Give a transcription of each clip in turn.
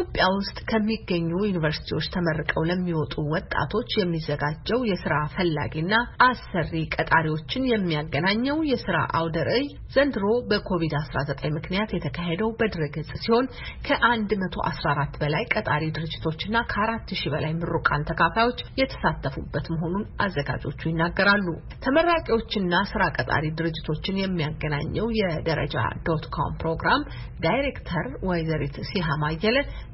ኢትዮጵያ ውስጥ ከሚገኙ ዩኒቨርሲቲዎች ተመርቀው ለሚወጡ ወጣቶች የሚዘጋጀው የስራ ፈላጊና አሰሪ ቀጣሪዎችን የሚያገናኘው የስራ አውደ ርዕይ ዘንድሮ በኮቪድ-19 ምክንያት የተካሄደው በድረገጽ ሲሆን ከ114 በላይ ቀጣሪ ድርጅቶችና ከ4 በላይ ምሩቃን ተካፋዮች የተሳተፉበት መሆኑን አዘጋጆቹ ይናገራሉ። ተመራቂዎችና ስራ ቀጣሪ ድርጅቶችን የሚያገናኘው የደረጃ ዶት ኮም ፕሮግራም ዳይሬክተር ወይዘሪት ሲሃ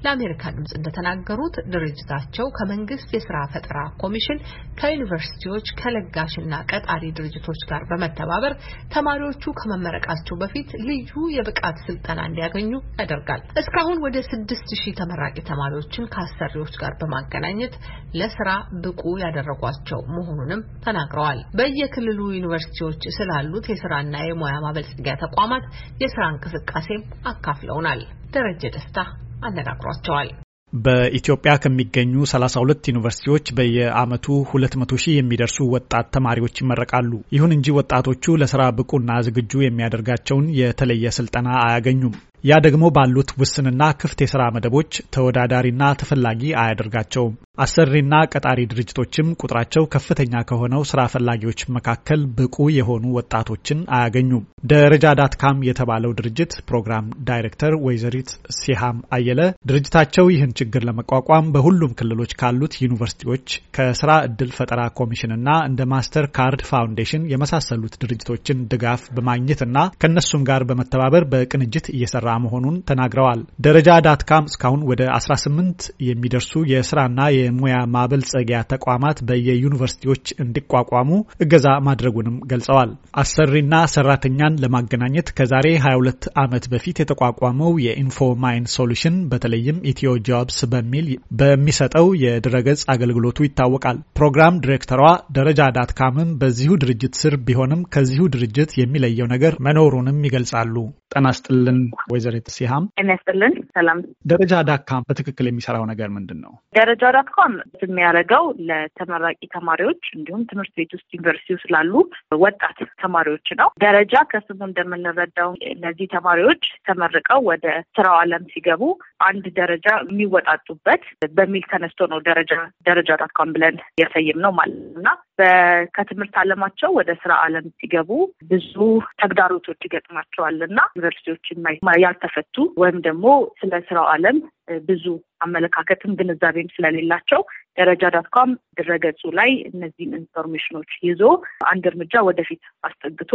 ለአሜሪካ ድምጽ እንደተናገሩት ድርጅታቸው ከመንግስት የስራ ፈጠራ ኮሚሽን፣ ከዩኒቨርሲቲዎች፣ ከለጋሽና ቀጣሪ ድርጅቶች ጋር በመተባበር ተማሪዎቹ ከመመረቃቸው በፊት ልዩ የብቃት ስልጠና እንዲያገኙ ያደርጋል። እስካሁን ወደ ስድስት ሺህ ተመራቂ ተማሪዎችን ከአሰሪዎች ጋር በማገናኘት ለስራ ብቁ ያደረጓቸው መሆኑንም ተናግረዋል። በየክልሉ ዩኒቨርሲቲዎች ስላሉት የስራና የሙያ ማበልጸጊያ ተቋማት የስራ እንቅስቃሴም አካፍለውናል። ደረጀ ደስታ አነጋግሯቸዋል። በኢትዮጵያ ከሚገኙ 32 ዩኒቨርሲቲዎች በየአመቱ 200 ሺህ የሚደርሱ ወጣት ተማሪዎች ይመረቃሉ። ይሁን እንጂ ወጣቶቹ ለስራ ብቁና ዝግጁ የሚያደርጋቸውን የተለየ ስልጠና አያገኙም። ያ ደግሞ ባሉት ውስንና ክፍት የስራ መደቦች ተወዳዳሪና ተፈላጊ አያደርጋቸውም። አሰሪና ቀጣሪ ድርጅቶችም ቁጥራቸው ከፍተኛ ከሆነው ስራ ፈላጊዎች መካከል ብቁ የሆኑ ወጣቶችን አያገኙም። ደረጃ ዳትካም የተባለው ድርጅት ፕሮግራም ዳይሬክተር ወይዘሪት ሲሃም አየለ ድርጅታቸው ይህን ችግር ለመቋቋም በሁሉም ክልሎች ካሉት ዩኒቨርሲቲዎች ከስራ እድል ፈጠራ ኮሚሽንና እንደ ማስተር ካርድ ፋውንዴሽን የመሳሰሉት ድርጅቶችን ድጋፍ በማግኘትና ከእነሱም ጋር በመተባበር በቅንጅት እየሰራ መሆኑን ተናግረዋል። ደረጃ ዳትካም እስካሁን ወደ 18 የሚደርሱ የስራና የሙያ ማበልጸጊያ ተቋማት በየዩኒቨርሲቲዎች እንዲቋቋሙ እገዛ ማድረጉንም ገልጸዋል። አሰሪና ሰራተኛን ለማገናኘት ከዛሬ 22 ዓመት በፊት የተቋቋመው የኢንፎ ማይን ሶሉሽን በተለይም ኢትዮ ጆብስ በሚል በሚሰጠው የድረገጽ አገልግሎቱ ይታወቃል። ፕሮግራም ዲሬክተሯ ደረጃ ዳትካምም በዚሁ ድርጅት ስር ቢሆንም ከዚሁ ድርጅት የሚለየው ነገር መኖሩንም ይገልጻሉ። ጠናስጥልን ይስጥልን ወይዘሪት ሲሃም ጤና ሰላም ደረጃ ዳካም በትክክል የሚሰራው ነገር ምንድን ነው ደረጃ ዳካም የሚያደርገው ለተመራቂ ተማሪዎች እንዲሁም ትምህርት ቤት ውስጥ ዩኒቨርሲቲ ውስጥ ላሉ ወጣት ተማሪዎች ነው ደረጃ ከስሙ እንደምንረዳው እነዚህ ተማሪዎች ተመርቀው ወደ ስራው አለም ሲገቡ አንድ ደረጃ የሚወጣጡበት በሚል ተነስቶ ነው ደረጃ ደረጃ ዳካም ብለን የሰይም ነው ማለት እና ከትምህርት አለማቸው ወደ ስራ አለም ሲገቡ ብዙ ተግዳሮቶች ይገጥማቸዋል እና ዩኒቨርሲቲዎችን ያልተፈቱ ወይም ደግሞ ስለ ስራው አለም ብዙ አመለካከትም ግንዛቤም ስለሌላቸው ደረጃ ዳትኳም ድረገጹ ላይ እነዚህን ኢንፎርሜሽኖች ይዞ አንድ እርምጃ ወደፊት አስጠግቶ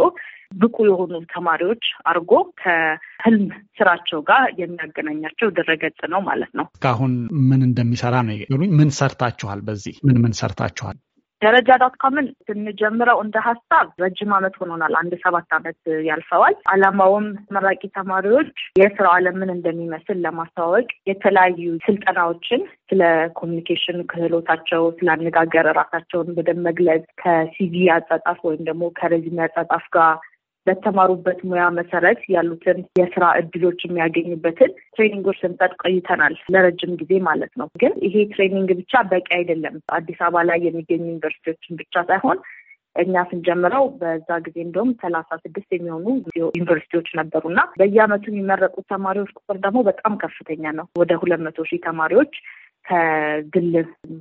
ብቁ የሆኑ ተማሪዎች አድርጎ ከህልም ስራቸው ጋር የሚያገናኛቸው ድረገጽ ነው ማለት ነው። እስካሁን ምን እንደሚሰራ ነው ምን ሰርታችኋል? በዚህ ምን ምን ሰርታችኋል? ደረጃ ዳትካምን ስንጀምረው እንደ ሀሳብ ረጅም ዓመት ሆኖናል። አንድ ሰባት ዓመት ያልፈዋል። አላማውም ተመራቂ ተማሪዎች የስራ አለምን እንደሚመስል ለማስተዋወቅ የተለያዩ ስልጠናዎችን ስለ ኮሚኒኬሽን ክህሎታቸው፣ ስለ አነጋገር ራሳቸውን በደንብ መግለጽ ከሲቪ አጻጻፍ ወይም ደግሞ ከረዚሜ አጻጻፍ ጋር በተማሩበት ሙያ መሰረት ያሉትን የስራ እድሎች የሚያገኙበትን ትሬኒንጎች ስንሰጥ ቆይተናል፣ ለረጅም ጊዜ ማለት ነው። ግን ይሄ ትሬኒንግ ብቻ በቂ አይደለም። አዲስ አበባ ላይ የሚገኙ ዩኒቨርሲቲዎችን ብቻ ሳይሆን እኛ ስንጀምረው በዛ ጊዜ እንደውም ሰላሳ ስድስት የሚሆኑ ዩኒቨርሲቲዎች ነበሩና በየአመቱ የሚመረቁት ተማሪዎች ቁጥር ደግሞ በጣም ከፍተኛ ነው። ወደ ሁለት መቶ ሺህ ተማሪዎች ከግል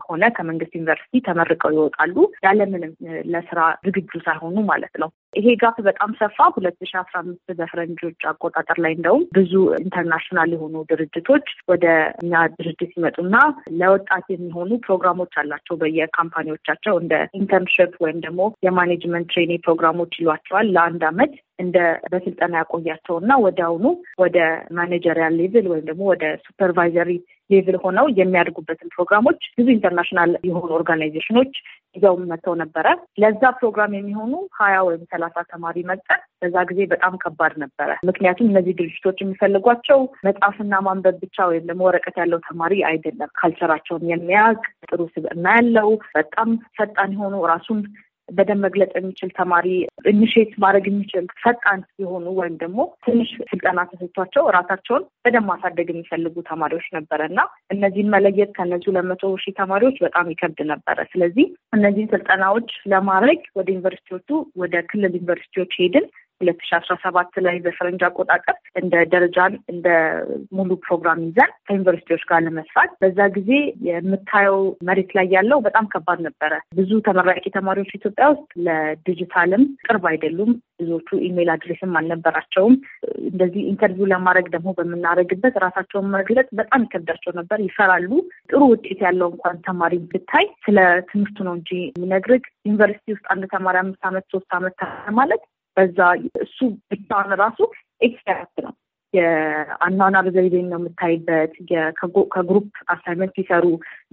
ሆነ ከመንግስት ዩኒቨርሲቲ ተመርቀው ይወጣሉ ያለምንም ለስራ ዝግጁ ሳይሆኑ ማለት ነው። ይሄ ጋፍ በጣም ሰፋ። ሁለት ሺ አስራ አምስት በፈረንጆች አቆጣጠር ላይ እንደውም ብዙ ኢንተርናሽናል የሆኑ ድርጅቶች ወደ እኛ ድርጅት ሲመጡና ለወጣት የሚሆኑ ፕሮግራሞች አላቸው በየካምፓኒዎቻቸው እንደ ኢንተርንሽፕ ወይም ደግሞ የማኔጅመንት ትሬኒንግ ፕሮግራሞች ይሏቸዋል ለአንድ አመት እንደ በስልጠና ያቆያቸውና አሁኑ ወደ ማኔጀሪያል ሌቭል ወይም ደግሞ ወደ ሱፐርቫይዘሪ ሌቭል ሆነው የሚያድጉበትን ፕሮግራሞች ብዙ ኢንተርናሽናል የሆኑ ኦርጋናይዜሽኖች ይዘው መጥተው ነበረ። ለዛ ፕሮግራም የሚሆኑ ሀያ ወይም ሰላሳ ተማሪ መጠን በዛ ጊዜ በጣም ከባድ ነበረ። ምክንያቱም እነዚህ ድርጅቶች የሚፈልጓቸው መጽሐፍና ማንበብ ብቻ ወይም ደግሞ ወረቀት ያለው ተማሪ አይደለም። ካልቸራቸውን የሚያውቅ ጥሩ ስብዕና ያለው በጣም ፈጣን የሆኑ ራሱን በደንብ መግለጽ የሚችል ተማሪ ኢኒሼት ማድረግ የሚችል ፈጣን የሆኑ ወይም ደግሞ ትንሽ ስልጠና ተሰጥቷቸው እራሳቸውን በደንብ ማሳደግ የሚፈልጉ ተማሪዎች ነበረ እና እነዚህን መለየት ከነዚሁ ለመቶ ሺህ ተማሪዎች በጣም ይከብድ ነበረ። ስለዚህ እነዚህን ስልጠናዎች ለማድረግ ወደ ዩኒቨርሲቲዎቹ ወደ ክልል ዩኒቨርሲቲዎች ሄድን። ሁለት ሺ አስራ ሰባት ላይ በፈረንጅ አቆጣጠር እንደ ደረጃን እንደ ሙሉ ፕሮግራም ይዘን ከዩኒቨርሲቲዎች ጋር ለመስራት በዛ ጊዜ የምታየው መሬት ላይ ያለው በጣም ከባድ ነበረ። ብዙ ተመራቂ ተማሪዎች ኢትዮጵያ ውስጥ ለዲጂታልም ቅርብ አይደሉም። ብዙዎቹ ኢሜይል አድሬስም አልነበራቸውም። እንደዚህ ኢንተርቪው ለማድረግ ደግሞ በምናደርግበት ራሳቸውን መግለጽ በጣም ይከብዳቸው ነበር፣ ይፈራሉ። ጥሩ ውጤት ያለው እንኳን ተማሪ ብታይ ስለ ትምህርቱ ነው እንጂ የሚነግርህ ዩኒቨርሲቲ ውስጥ አንድ ተማሪ አምስት ዓመት ሶስት ዓመት ማለት በዛ እሱ ብቻን ራሱ ኤክስፐርት ነው። የአኗኗር ዘይቤን ነው የምታይበት። ከግሩፕ አሳይመንት ሲሰሩ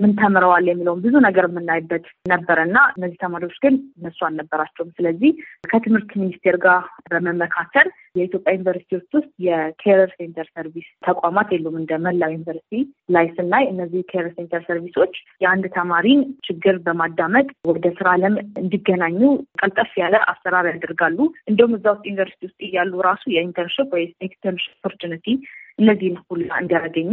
ምን ተምረዋል የሚለውን ብዙ ነገር የምናይበት ነበረ እና እነዚህ ተማሪዎች ግን እነሱ አልነበራቸውም። ስለዚህ ከትምህርት ሚኒስቴር ጋር በመመካከል የኢትዮጵያ ዩኒቨርሲቲዎች ውስጥ የኬረር ሴንተር ሰርቪስ ተቋማት የሉም። እንደ መላው ዩኒቨርሲቲ ላይ ስናይ እነዚህ ኬረር ሴንተር ሰርቪሶች የአንድ ተማሪን ችግር በማዳመጥ ወደ ስራ ዓለም እንዲገናኙ ቀልጠፍ ያለ አሰራር ያደርጋሉ። እንዲሁም እዛ ውስጥ ዩኒቨርሲቲ ውስጥ እያሉ ራሱ የኢንተርንሽፕ ወይ ኤክስተርንሽፕ ኦፖርቹኒቲ እነዚህን ሁሉ እንዲያገኙ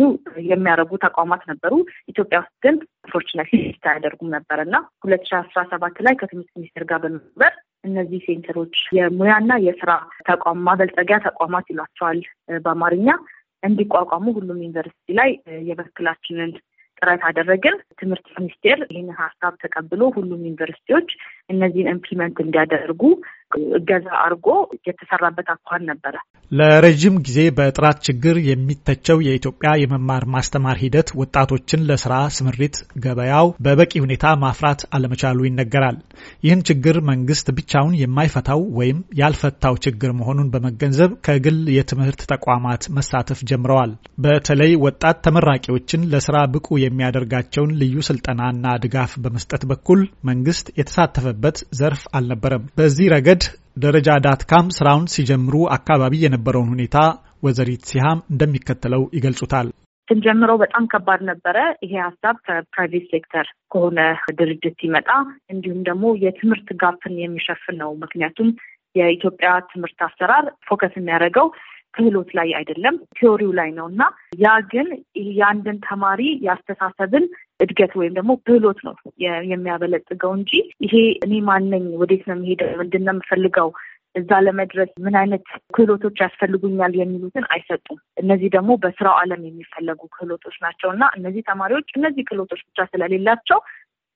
የሚያደርጉ ተቋማት ነበሩ። ኢትዮጵያ ውስጥ ግን ኦፖርቹኒቲ ሊስት አያደርጉም ነበር እና ሁለት ሺ አስራ ሰባት ላይ ከትምህርት ሚኒስቴር ጋር በመበር እነዚህ ሴንተሮች የሙያና የስራ ተቋም ማበልጸጊያ ተቋማት ይሏቸዋል በአማርኛ እንዲቋቋሙ ሁሉም ዩኒቨርሲቲ ላይ የበኩላችንን ጥረት አደረግን። ትምህርት ሚኒስቴር ይህን ሀሳብ ተቀብሎ ሁሉም ዩኒቨርሲቲዎች እነዚህን ኢምፕሊመንት እንዲያደርጉ እገዛ አድርጎ የተሰራበት አኳን ነበረ። ለረዥም ጊዜ በጥራት ችግር የሚተቸው የኢትዮጵያ የመማር ማስተማር ሂደት ወጣቶችን ለስራ ስምሪት ገበያው በበቂ ሁኔታ ማፍራት አለመቻሉ ይነገራል። ይህን ችግር መንግስት ብቻውን የማይፈታው ወይም ያልፈታው ችግር መሆኑን በመገንዘብ ከግል የትምህርት ተቋማት መሳተፍ ጀምረዋል። በተለይ ወጣት ተመራቂዎችን ለስራ ብቁ የሚያደርጋቸውን ልዩ ስልጠናና ድጋፍ በመስጠት በኩል መንግስት የተሳተፈበት የነበረበት ዘርፍ አልነበረም። በዚህ ረገድ ደረጃ ዳትካም ስራውን ሲጀምሩ አካባቢ የነበረውን ሁኔታ ወይዘሪት ሲሃም እንደሚከተለው ይገልጹታል። ስንጀምረው በጣም ከባድ ነበረ። ይሄ ሀሳብ ከፕራይቬት ሴክተር ከሆነ ድርጅት ሲመጣ እንዲሁም ደግሞ የትምህርት ጋፕን የሚሸፍን ነው። ምክንያቱም የኢትዮጵያ ትምህርት አሰራር ፎከስ የሚያደርገው ክህሎት ላይ አይደለም፣ ቲዎሪው ላይ ነው እና ያ ግን የአንድን ተማሪ ያስተሳሰብን እድገት ወይም ደግሞ ክህሎት ነው የሚያበለጽገው እንጂ ይሄ እኔ ማነኝ፣ ወዴት ነው የምሄደው፣ ምንድን ነው የምፈልገው እዛ ለመድረስ ምን አይነት ክህሎቶች ያስፈልጉኛል የሚሉትን አይሰጡም። እነዚህ ደግሞ በስራው ዓለም የሚፈለጉ ክህሎቶች ናቸው እና እነዚህ ተማሪዎች እነዚህ ክህሎቶች ብቻ ስለሌላቸው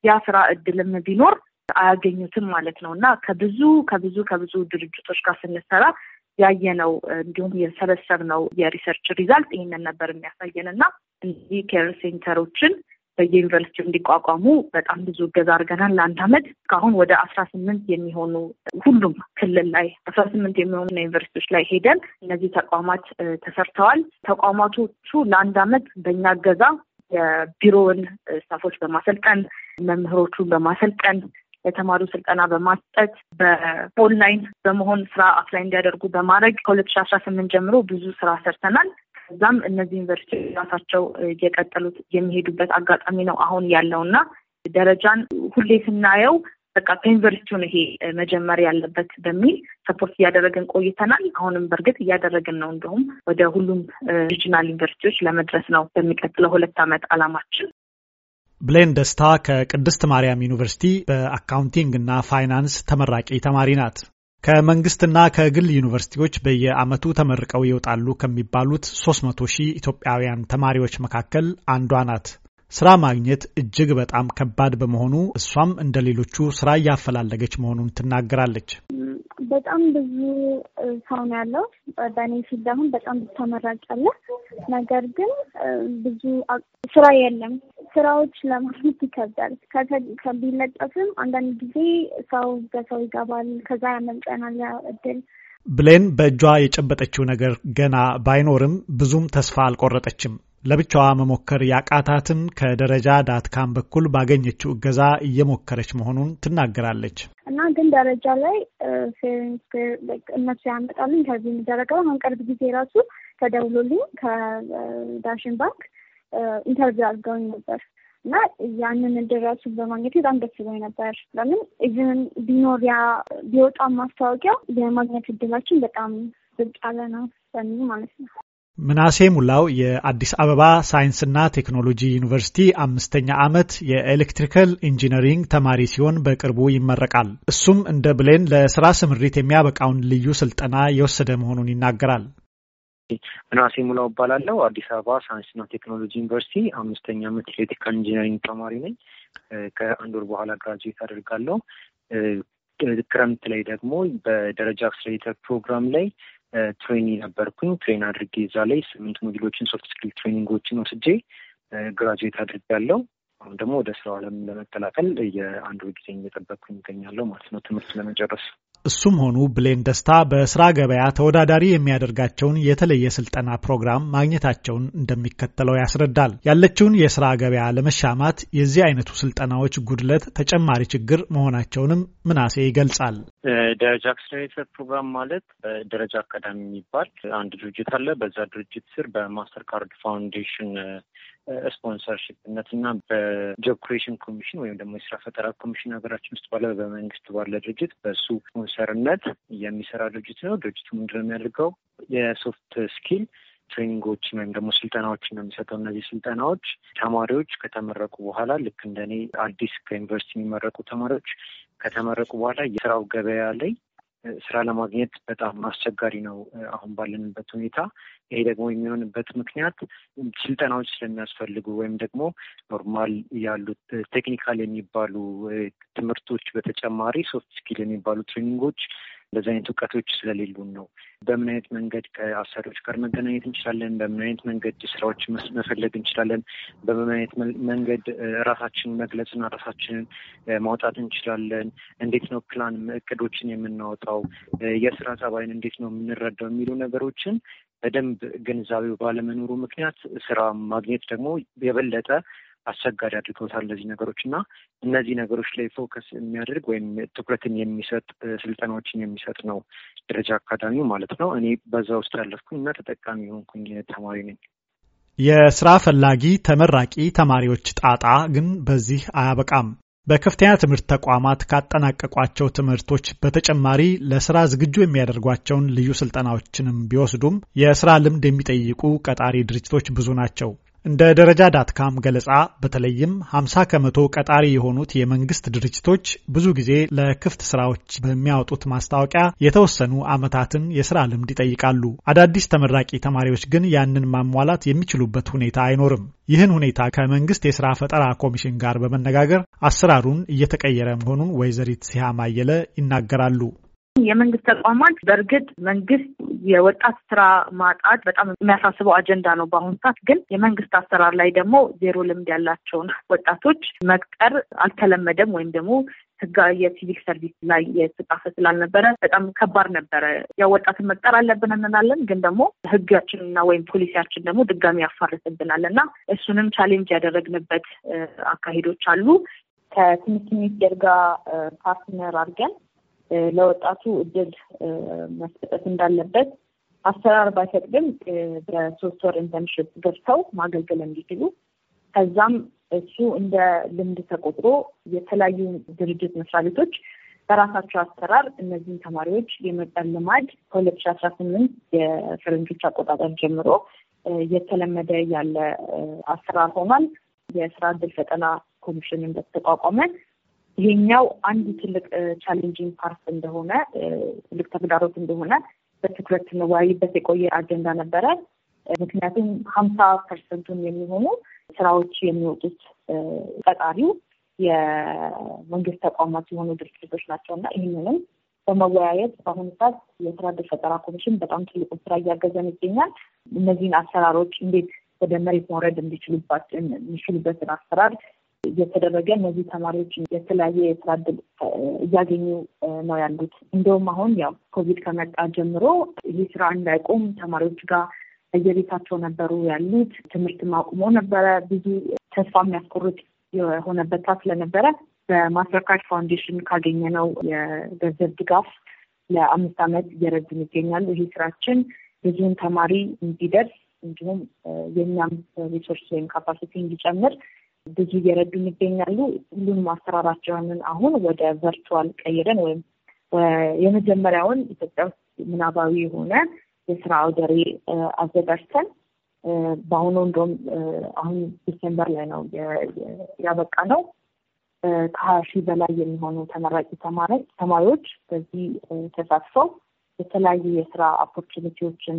ያ ስራ እድልም ቢኖር አያገኙትም ማለት ነው እና ከብዙ ከብዙ ከብዙ ድርጅቶች ጋር ስንሰራ ያየነው እንዲሁም የሰበሰብነው የሪሰርች ሪዛልት ይህንን ነበር የሚያሳየን እና እነዚህ ኬር ሴንተሮችን በየዩኒቨርሲቲው እንዲቋቋሙ በጣም ብዙ እገዛ አድርገናል። ለአንድ አመት እስካሁን ወደ አስራ ስምንት የሚሆኑ ሁሉም ክልል ላይ አስራ ስምንት የሚሆኑ ዩኒቨርሲቲዎች ላይ ሄደን እነዚህ ተቋማት ተሰርተዋል። ተቋማቶቹ ለአንድ አመት በእኛ እገዛ የቢሮውን ስታፎች በማሰልጠን መምህሮቹን በማሰልጠን ለተማሪው ስልጠና በማስጠት በኦንላይን በመሆን ስራ አፕላይ እንዲያደርጉ በማድረግ ከሁለት ሺ አስራ ስምንት ጀምሮ ብዙ ስራ ሰርተናል። ከዛም እነዚህ ዩኒቨርሲቲ ራሳቸው እየቀጠሉት የሚሄዱበት አጋጣሚ ነው አሁን ያለውና ደረጃን ሁሌ ስናየው በቃ ከዩኒቨርሲቲውን ይሄ መጀመር ያለበት በሚል ሰፖርት እያደረግን ቆይተናል። አሁንም በእርግጥ እያደረግን ነው። እንደውም ወደ ሁሉም ሪጅናል ዩኒቨርሲቲዎች ለመድረስ ነው በሚቀጥለው ሁለት ዓመት አላማችን። ብሌን ደስታ ከቅድስት ማርያም ዩኒቨርሲቲ በአካውንቲንግ እና ፋይናንስ ተመራቂ ተማሪ ናት። ከመንግስትና ከግል ዩኒቨርሲቲዎች በየዓመቱ ተመርቀው ይወጣሉ ከሚባሉት 300 ሺህ ኢትዮጵያውያን ተማሪዎች መካከል አንዷ ናት። ስራ ማግኘት እጅግ በጣም ከባድ በመሆኑ እሷም እንደ ሌሎቹ ስራ እያፈላለገች መሆኑን ትናገራለች። በጣም ብዙ ሰው ነው ያለው። በእኔ ፊልድ አሁን በጣም ብዙ ተመራቂ አለ። ነገር ግን ብዙ ስራ የለም። ስራዎች ለማግኘት ይከብዳል። ከቢለጠፍም አንዳንድ ጊዜ ሰው በሰው ይገባል። ከዛ ያመልጠናል እድል ብሌን በእጇ የጨበጠችው ነገር ገና ባይኖርም ብዙም ተስፋ አልቆረጠችም። ለብቻዋ መሞከር ያቃታትን ከደረጃ ዳትካም በኩል ባገኘችው እገዛ እየሞከረች መሆኑን ትናገራለች። እና ግን ደረጃ ላይ እነሱ ያመጣሉኝ ከዚህ የሚደረገው አሁን ቅርብ ጊዜ ራሱ ተደውሎልኝ ከዳሽን ባንክ ኢንተርቪው አድርገውኝ ነበር እና ያንን እድል በማግኘት በጣም ደስ ብሎኝ ነበር። ለምን ኢቭን ቢኖር ያ ቢወጣም ማስታወቂያ የማግኘት እድላችን በጣም ዝቅ ያለ ነው በሚል ማለት ነው። ምናሴ ሙላው የአዲስ አበባ ሳይንስና ቴክኖሎጂ ዩኒቨርሲቲ አምስተኛ ዓመት የኤሌክትሪካል ኢንጂነሪንግ ተማሪ ሲሆን በቅርቡ ይመረቃል። እሱም እንደ ብሌን ለስራ ስምሪት የሚያበቃውን ልዩ ስልጠና የወሰደ መሆኑን ይናገራል። ምናሴ ሙላው እባላለሁ። አዲስ አበባ ሳይንስና ቴክኖሎጂ ዩኒቨርሲቲ አምስተኛ ዓመት ኤሌክትሪካል ኢንጂነሪንግ ተማሪ ነኝ። ከአንድ ወር በኋላ ግራጁዌት አደርጋለሁ። ክረምት ላይ ደግሞ በደረጃ አክስሌተር ፕሮግራም ላይ ትሬኒ ነበርኩኝ። ትሬን አድርጌ እዛ ላይ ስምንት ሞጁሎችን ሶፍት ስኪል ትሬኒንጎችን ወስጄ ግራጁዌት አድርጌያለሁ። አሁን ደግሞ ወደ ስራው አለም ለመቀላቀል የአንድ ወር ጊዜ እየጠበቅኩኝ ይገኛለሁ ማለት ነው ትምህርት ለመጨረስ። እሱም ሆኑ ብሌን ደስታ በስራ ገበያ ተወዳዳሪ የሚያደርጋቸውን የተለየ ስልጠና ፕሮግራም ማግኘታቸውን እንደሚከተለው ያስረዳል። ያለችውን የስራ ገበያ ለመሻማት የዚህ አይነቱ ስልጠናዎች ጉድለት ተጨማሪ ችግር መሆናቸውንም ምናሴ ይገልጻል። ደረጃ አክስሬተር ፕሮግራም ማለት ደረጃ አካዳሚ የሚባል አንድ ድርጅት አለ። በዛ ድርጅት ስር በማስተር ካርድ ፋውንዴሽን ስፖንሰርሽፕነት እና በጆብ ክሬሽን ኮሚሽን ወይም ደግሞ የስራ ፈጠራ ኮሚሽን ሀገራችን ውስጥ ባለ በመንግስት ባለ ድርጅት በሱ ስፖንሰርነት የሚሰራ ድርጅት ነው። ድርጅቱ ምንድነው የሚያደርገው የሶፍት ስኪል ትሬኒንጎችን ወይም ደግሞ ስልጠናዎችን ነው የሚሰጠው። እነዚህ ስልጠናዎች ተማሪዎች ከተመረቁ በኋላ ልክ እንደኔ አዲስ ከዩኒቨርሲቲ የሚመረቁ ተማሪዎች ከተመረቁ በኋላ የስራው ገበያ ላይ ስራ ለማግኘት በጣም አስቸጋሪ ነው አሁን ባለንበት ሁኔታ። ይሄ ደግሞ የሚሆንበት ምክንያት ስልጠናዎች ስለሚያስፈልጉ ወይም ደግሞ ኖርማል ያሉት ቴክኒካል የሚባሉ ትምህርቶች በተጨማሪ ሶፍት ስኪል የሚባሉ ትሬኒንጎች እንደዚህ አይነት እውቀቶች ስለሌሉን ነው። በምን አይነት መንገድ ከአሰሪዎች ጋር መገናኘት እንችላለን? በምን አይነት መንገድ ስራዎች መፈለግ እንችላለን? በምን አይነት መንገድ ራሳችንን መግለጽና ራሳችንን ማውጣት እንችላለን? እንዴት ነው ፕላን እቅዶችን የምናወጣው? የስራ ጸባይን እንዴት ነው የምንረዳው? የሚሉ ነገሮችን በደንብ ግንዛቤው ባለመኖሩ ምክንያት ስራ ማግኘት ደግሞ የበለጠ አስቸጋሪ አድርገውታል እነዚህ ነገሮች እና እነዚህ ነገሮች ላይ ፎከስ የሚያደርግ ወይም ትኩረትን የሚሰጥ ስልጠናዎችን የሚሰጥ ነው ደረጃ አካዳሚ ማለት ነው። እኔ በዛ ውስጥ ያለፍኩኝ እና ተጠቃሚ የሆንኩኝ ተማሪ ነኝ። የስራ ፈላጊ ተመራቂ ተማሪዎች ጣጣ ግን በዚህ አያበቃም። በከፍተኛ ትምህርት ተቋማት ካጠናቀቋቸው ትምህርቶች በተጨማሪ ለስራ ዝግጁ የሚያደርጓቸውን ልዩ ስልጠናዎችንም ቢወስዱም የስራ ልምድ የሚጠይቁ ቀጣሪ ድርጅቶች ብዙ ናቸው። እንደ ደረጃ ዳትካም ገለጻ በተለይም 50 ከመቶ ቀጣሪ የሆኑት የመንግስት ድርጅቶች ብዙ ጊዜ ለክፍት ስራዎች በሚያወጡት ማስታወቂያ የተወሰኑ ዓመታትን የስራ ልምድ ይጠይቃሉ። አዳዲስ ተመራቂ ተማሪዎች ግን ያንን ማሟላት የሚችሉበት ሁኔታ አይኖርም። ይህን ሁኔታ ከመንግስት የስራ ፈጠራ ኮሚሽን ጋር በመነጋገር አሰራሩን እየተቀየረ መሆኑን ወይዘሪት ሲሃ ማየለ ይናገራሉ። የመንግስት ተቋማት በእርግጥ መንግስት የወጣት ስራ ማጣት በጣም የሚያሳስበው አጀንዳ ነው በአሁኑ ሰዓት። ግን የመንግስት አሰራር ላይ ደግሞ ዜሮ ልምድ ያላቸውን ወጣቶች መቅጠር አልተለመደም ወይም ደግሞ ህጋ የሲቪል ሰርቪስ ላይ የተጻፈ ስላልነበረ በጣም ከባድ ነበረ። ያው ወጣትን መቅጠር አለብን እንላለን፣ ግን ደግሞ ህጋችንና ወይም ፖሊሲያችን ደግሞ ድጋሚ ያፋርስብናል እና እሱንም ቻሌንጅ ያደረግንበት አካሄዶች አሉ ከትምህርት ሚኒስቴር ጋር ፓርትነር አድርገን ለወጣቱ እድል መስጠት እንዳለበት አሰራር ባይፈቅድም በሶስት ወር ኢንተርንሽፕ ገብተው ማገልገል እንዲችሉ ከዛም እሱ እንደ ልምድ ተቆጥሮ የተለያዩ ድርጅት መስሪያ ቤቶች በራሳቸው አሰራር እነዚህን ተማሪዎች የመቅጠር ልማድ ከሁለት ሺ አስራ ስምንት የፈረንጆች አቆጣጠር ጀምሮ የተለመደ ያለ አሰራር ሆኗል። የስራ እድል ፈጠና ኮሚሽንን በተቋቋመ ይሄኛው አንዱ ትልቅ ቻሌንጂንግ ፓርት እንደሆነ ትልቅ ተግዳሮት እንደሆነ በትኩረት ስንወያይበት የቆየ አጀንዳ ነበረ። ምክንያቱም ሀምሳ ፐርሰንቱን የሚሆኑ ስራዎች የሚወጡት ቀጣሪው የመንግስት ተቋማት የሆኑ ድርጅቶች ናቸው እና ይህንንም በመወያየት በአሁኑ ሰዓት የስራ ዕድል ፈጠራ ኮሚሽን በጣም ትልቁን ስራ እያገዘን ይገኛል። እነዚህን አሰራሮች እንዴት ወደ መሬት መውረድ እንዲችሉባትን የሚችሉበትን አሰራር እየተደረገ እነዚህ ተማሪዎች የተለያየ የስራ እድል እያገኙ ነው ያሉት። እንደውም አሁን ያው ኮቪድ ከመጣ ጀምሮ ይህ ስራ እንዳይቆም ተማሪዎች ጋር በየቤታቸው ነበሩ ያሉት። ትምህርትም ማቁሞ ነበረ። ብዙ ተስፋ የሚያስቆርጥ የሆነበታ ስለነበረ በማስተርካርድ ፋውንዴሽን ካገኘነው የገንዘብ ድጋፍ ለአምስት ዓመት እየረዝም ይገኛሉ። ይህ ስራችን ብዙውን ተማሪ እንዲደርስ እንዲሁም የእኛም ሪሶርስ ወይም ካፓሲቲ እንዲጨምር ብዙ እየረዱን ይገኛሉ። ሁሉንም አሰራራቸውንን አሁን ወደ ቨርቹዋል ቀይረን ወይም የመጀመሪያውን ኢትዮጵያ ውስጥ ምናባዊ የሆነ የስራ አውደሬ አዘጋጅተን በአሁኑ እንደውም አሁን ዲሴምበር ላይ ነው ያበቃ ነው። ከሀያ ሺህ በላይ የሚሆኑ ተመራቂ ተማሪዎች በዚህ ተሳትፈው የተለያዩ የስራ ኦፖርቹኒቲዎችን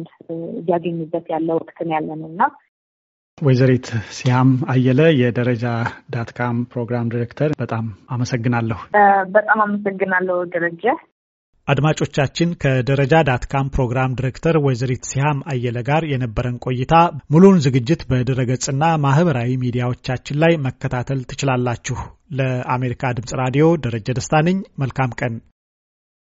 እያገኙበት ያለ ወቅትን ያለን እና ወይዘሪት ሲያም አየለ የደረጃ ዳትካም ፕሮግራም ዲሬክተር፣ በጣም አመሰግናለሁ። በጣም አመሰግናለሁ ደረጀ። አድማጮቻችን ከደረጃ ዳትካም ፕሮግራም ዲሬክተር ወይዘሪት ሲያም አየለ ጋር የነበረን ቆይታ ሙሉውን ዝግጅት በድረገጽና ማህበራዊ ሚዲያዎቻችን ላይ መከታተል ትችላላችሁ። ለአሜሪካ ድምጽ ራዲዮ ደረጀ ደስታ ነኝ። መልካም ቀን።